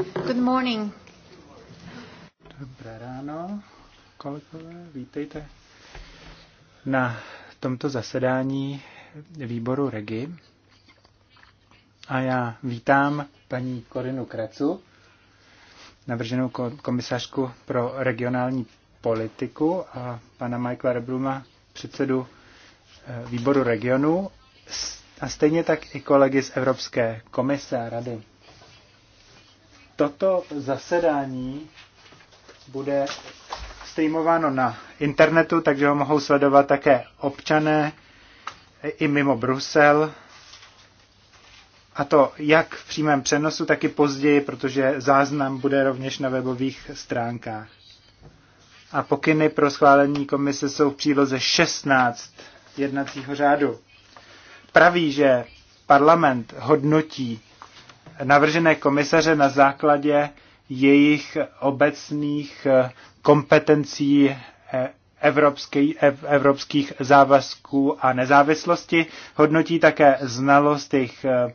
Good morning. Dobré ráno, kolegové, vítejte na tomto zasedání výboru REGI. A já vítám paní Korinu Krecu, navrženou komisařku pro regionální politiku a pana Michaela Rebruma, předsedu eh, výboru regionu a stejně tak i kolegy z Evropské komise a rady. Toto zasedání bude streamováno na internetu, takže ho mohou sledovat také občané i mimo Brusel. A to jak v přímém přenosu, tak i později, protože záznam bude rovněž na webových stránkách. A pokyny pro schválení komise jsou v příloze 16 jednacího řádu. Praví, že parlament hodnotí navržené komisaře na základě jejich obecných eh, kompetencí eh, evropský, evropských závazků a nezávislosti. Hodnotí také znalost jejich eh,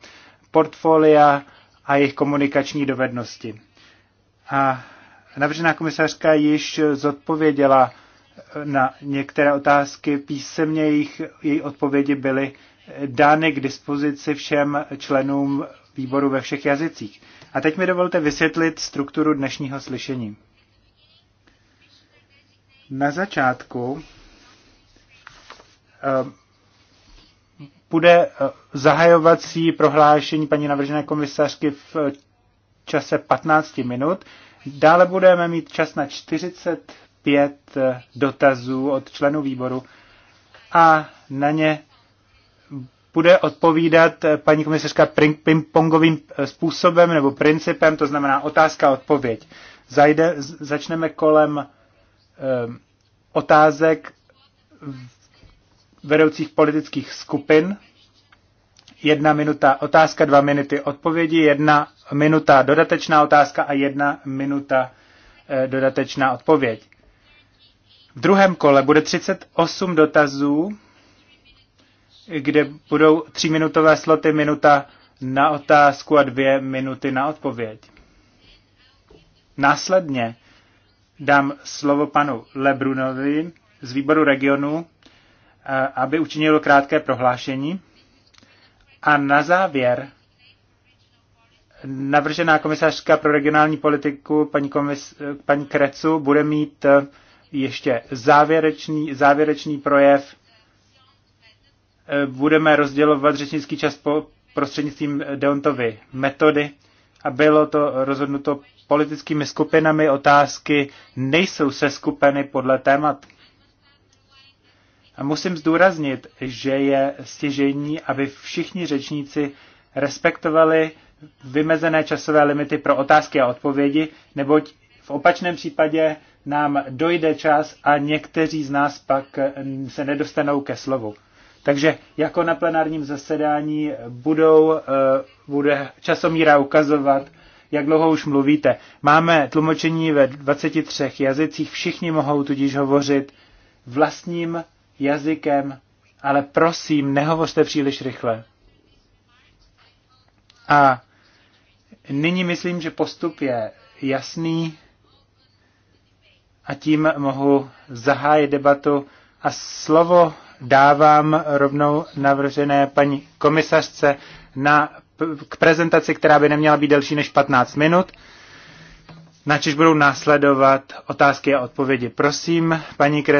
portfolia a jejich komunikační dovednosti. A navržená komisařka již zodpověděla na některé otázky písemně, jejich, její odpovědi byly dány k dispozici všem členům výboru ve všech jazycích. A teď mi dovolte vysvětlit strukturu dnešního slyšení. Na začátku eh, bude eh, zahajovací prohlášení paní navržené komisařky v eh, čase 15 minut. Dále budeme mít čas na 45 dotazů od členů výboru a na ně bude odpovídat eh, paní komisařka pingpongovým eh, způsobem nebo principem, to znamená otázka a odpověď. Zajde, začneme kolem um, otázek vedoucích politických skupin. Jedna minuta otázka, dva minuty odpovědi, jedna minuta dodatečná otázka a jedna minuta e, dodatečná odpověď. V druhém kole bude 38 dotazů kde budou tříminutové sloty, minuta na otázku a dvě minuty na odpověď. Následně dám slovo panu Lebrunovi z výboru regionu, eh, aby učinil krátké prohlášení. A na závěr navržená komisařka pro regionální politiku paní, komis, paní Krecu bude mít eh, ještě závěrečný, závěrečný projev budeme rozdělovat řečnický čas po prostřednictvím Deontovy metody a bylo to rozhodnuto politickými skupinami. Otázky nejsou se skupeny podle témat. A musím zdůraznit, že je stěžení, aby všichni řečníci respektovali vymezené časové limity pro otázky a odpovědi, neboť v opačném případě nám dojde čas a někteří z nás pak se nedostanou ke slovu. Takže jako na plenárním zasedání budou, eh, bude časomíra ukazovat, jak dlouho už mluvíte. Máme tlumočení ve 23 jazycích, všichni mohou tudíž hovořit vlastním jazykem, ale prosím, nehovořte příliš rychle. A nyní myslím, že postup je jasný a tím mohu zahájit debatu a slovo dávám rovnou navržené paní komisařce na, k prezentaci, která by neměla být delší než 15 minut. Načež budou následovat otázky a odpovědi. Prosím, paní Kres